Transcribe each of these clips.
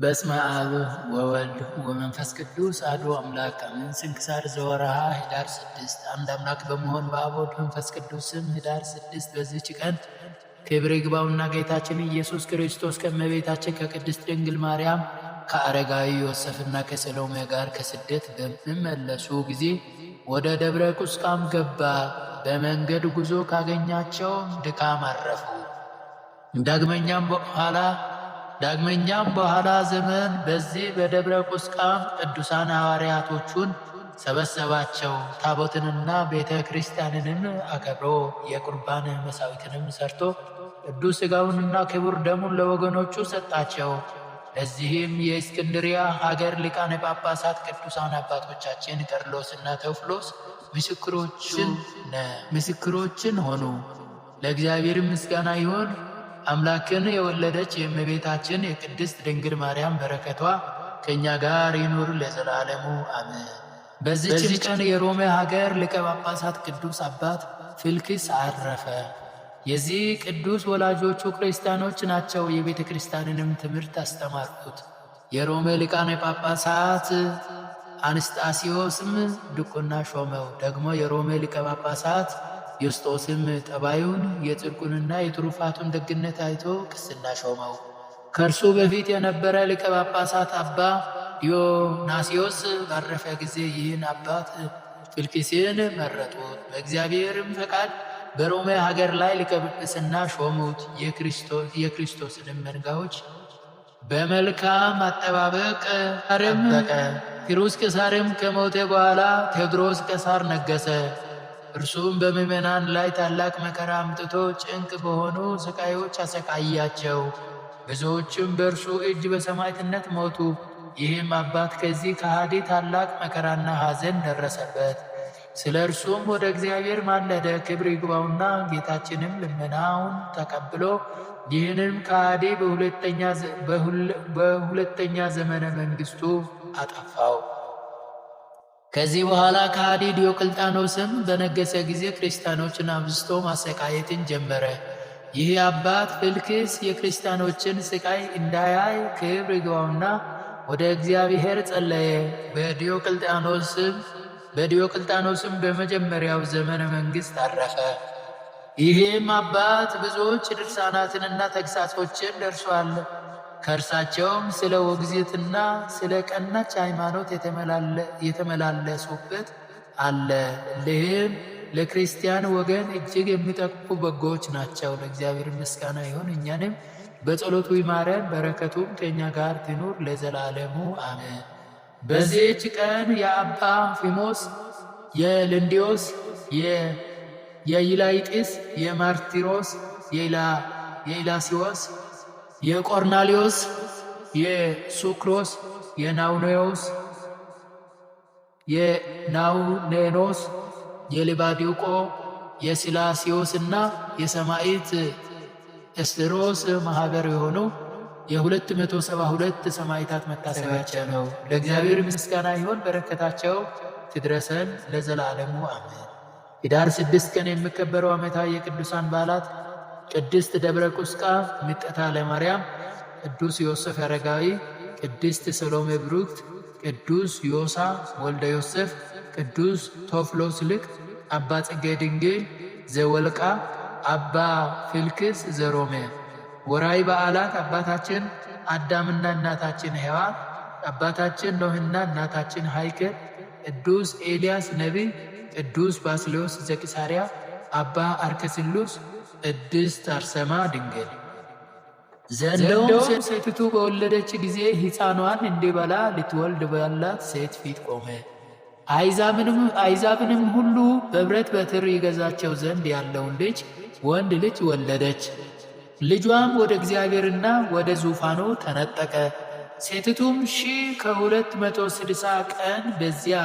በስመ አብ ወወልድ ወመንፈስ ቅዱስ አሐዱ አምላክ አሜን። ስንክሳር ዘወርኀ ኅዳር ስድስት አንድ አምላክ በመሆን በአብ ወልድ መንፈስ ቅዱስ ስም ኅዳር ስድስት በዚህች ቀን ክብር ይግባውና ጌታችን ኢየሱስ ክርስቶስ ከእመቤታችን ከቅድስት ድንግል ማርያም ከአረጋዊ ዮሴፍና ከሰሎሜ ጋር ከስደት በሚመለሱ ጊዜ ወደ ደብረ ቁስቋም ገባ። በመንገድ ጉዞ ካገኛቸው ድካም አረፉ። ዳግመኛም በኋላ ዳግመኛም በኋላ ዘመን በዚህ በደብረ ቁስቋም ቅዱሳን ሐዋርያቶቹን ሰበሰባቸው። ታቦትንና ቤተ ክርስቲያንንም አከብሮ የቁርባን መሳዊትንም ሰርቶ ቅዱስ ሥጋውንና ክቡር ደሙን ለወገኖቹ ሰጣቸው። ለዚህም የእስክንድሪያ ሀገር ሊቃነ ጳጳሳት ቅዱሳን አባቶቻችን ቀርሎስና ተውፍሎስ ምስክሮችን ሆኑ። ለእግዚአብሔር ምስጋና ይሆን። አምላክን የወለደች የእመቤታችን የቅድስት ድንግል ማርያም በረከቷ ከእኛ ጋር ይኑር ለዘላለሙ አሜን። በዚህ ቀን የሮሜ ሀገር ሊቀ ጳጳሳት ቅዱስ አባት ፊልክስ አረፈ። የዚህ ቅዱስ ወላጆቹ ክርስቲያኖች ናቸው። የቤተ ክርስቲያንንም ትምህርት አስተማርኩት። የሮሜ ሊቃነ ጳጳሳት አንስጣሲዮስም ድቁና ሾመው። ደግሞ የሮሜ ሊቀ ጳጳሳት ዮስጦስም ጠባዩን የጽድቁንና የትሩፋቱን ደግነት አይቶ ቅስና ሾመው። ከእርሱ በፊት የነበረ ሊቀ ጳጳሳት አባ ዲዮናስዮስ ባረፈ ጊዜ ይህን አባት ፊልክሴን መረጡት። በእግዚአብሔርም ፈቃድ በሮሜ ሀገር ላይ ሊቀ ጵጵስና ሾሙት። የክርስቶስንም መንጋዎች በመልካም አጠባበቅ ጠበቀ። ፊሩስ ቄሳርም ከሞተ በኋላ ቴዎድሮስ ቄሳር ነገሰ። እርሱም በምዕመናን ላይ ታላቅ መከራ አምጥቶ ጭንቅ በሆኑ ስቃዮች አሰቃያቸው። ብዙዎችም በእርሱ እጅ በሰማዕትነት ሞቱ። ይህም አባት ከዚህ ከሃዲ ታላቅ መከራና ሐዘን ደረሰበት። ስለ እርሱም ወደ እግዚአብሔር ማለደ። ክብር ይግባውና ጌታችንም ልመናውን ተቀብሎ ይህንም ከሃዴ በሁለተኛ ዘመነ መንግሥቱ አጠፋው። ከዚህ በኋላ ከሃዲ ዲዮቅልጣኖስም በነገሰ ጊዜ ክርስቲያኖችን አብዝቶ ማሰቃየትን ጀመረ። ይህ አባት ክልክስ የክርስቲያኖችን ስቃይ እንዳያይ ክብር ይግባውና ወደ እግዚአብሔር ጸለየ። በዲዮቅልጣኖስም በዲዮቅልጣኖስም በመጀመሪያው ዘመነ መንግሥት አረፈ። ይህም አባት ብዙዎች ድርሳናትንና ተግሳጾችን ደርሷል። ከእርሳቸውም ስለ ወግዜትና ስለ ቀናች ሃይማኖት የተመላለሱበት አለ። ይህም ለክርስቲያን ወገን እጅግ የሚጠቅሙ በጎዎች ናቸው። ለእግዚአብሔር ምስጋና ይሁን። እኛንም በጸሎቱ ይማረን፣ በረከቱም ከእኛ ጋር ትኑር ለዘላለሙ አሜን። በዚህች ቀን የአባ ፊሞስ፣ የልንዲዮስ፣ የኢላይጢስ፣ የማርቲሮስ፣ የኢላሲዎስ የቆርናሊዮስ የሱክሮስ፣ የናውኔዎስ የናውኔኖስ የሊባዲቆ የሲላሲዮስ እና የሰማዕት ኤስድሮስ ማህበር የሆኑ የ272 ሰማይታት መታሰቢያቸው ነው። ለእግዚአብሔር ምስጋና ይሁን፣ በረከታቸው ትድረሰን ለዘላለሙ አሜን። ኅዳር ስድስት ቀን የሚከበረው ዓመታዊ የቅዱሳን በዓላት ቅድስት ደብረ ቁስቃ ምጠታ ለማርያም፣ ቅዱስ ዮሴፍ አረጋዊ፣ ቅድስት ሰሎሜ ብሩክት፣ ቅዱስ ዮሳ ወልደ ዮሴፍ፣ ቅዱስ ቶፍሎስ ልክ፣ አባ ጽጌ ድንግል ዘወልቃ፣ አባ ፊልክስ ዘሮሜ። ወራዊ በዓላት አባታችን አዳምና እናታችን ሔዋን፣ አባታችን ኖህና እናታችን ሀይከ፣ ቅዱስ ኤልያስ ነቢይ፣ ቅዱስ ባስልዮስ ዘቂሳርያ፣ አባ አርከስሉስ ቅድስት አርሴማ ድንግል ዘንዶም ሴቲቱ በወለደች ጊዜ ሕፃኗን እንዲበላ ልትወልድ ባላት ሴት ፊት ቆመ። አሕዛብንም ሁሉ በብረት በትር ይገዛቸው ዘንድ ያለውን ልጅ ወንድ ልጅ ወለደች። ልጇም ወደ እግዚአብሔርና ወደ ዙፋኑ ተነጠቀ። ሴትቱም ሺህ ከሁለት መቶ ስድሳ ቀን በዚያ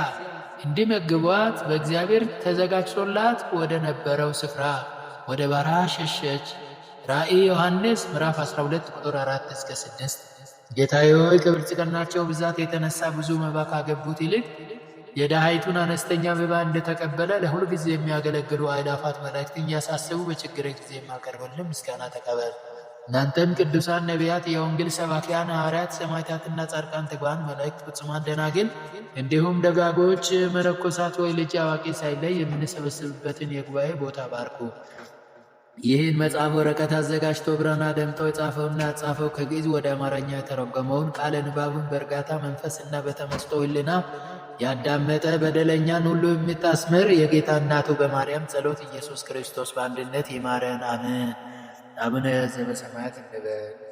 እንዲመግቧት በእግዚአብሔር ተዘጋጅቶላት ወደ ነበረው ስፍራ ወደ በረሃ ሸሸች። ራእይ ዮሐንስ ምዕራፍ 12 ቁጥር 4 እስከ 6። ጌታ ሆይ ከብልጽግናቸው ብዛት የተነሳ ብዙ መባ ካገቡት ይልቅ የድሃይቱን አነስተኛ መባ እንደተቀበለ ጊዜ የሚያገለግሉ አእላፋት መላእክትን እያሳሰቡ በችግር ጊዜ የማቀርበልን ምስጋና ተቀበል። እናንተም ቅዱሳን ነቢያት፣ የወንጌል ሰባኪያን ሐዋርያት፣ ሰማዕታትና ጻድቃን፣ ትጉሃን መላእክት፣ ፍጹማን ደናግል እንዲሁም ደጋጎች መነኮሳት ወይ ልጅ አዋቂ ሳይለይ የምንሰበስብበትን የጉባኤ ቦታ ባርኩ። ይህን መጽሐፍ ወረቀት አዘጋጅቶ ብራና ደምጠው የጻፈውና ያጻፈው ከግዕዝ ወደ አማርኛ የተረጎመውን ቃለ ንባቡን በእርጋታ መንፈስና በተመስጦ ሕሊና ያዳመጠ በደለኛን ሁሉ የምታስምር የጌታ እናቱ በማርያም ጸሎት ኢየሱስ ክርስቶስ በአንድነት ይማረን፣ አሜን። አቡነ ዘበሰማያት እንበል።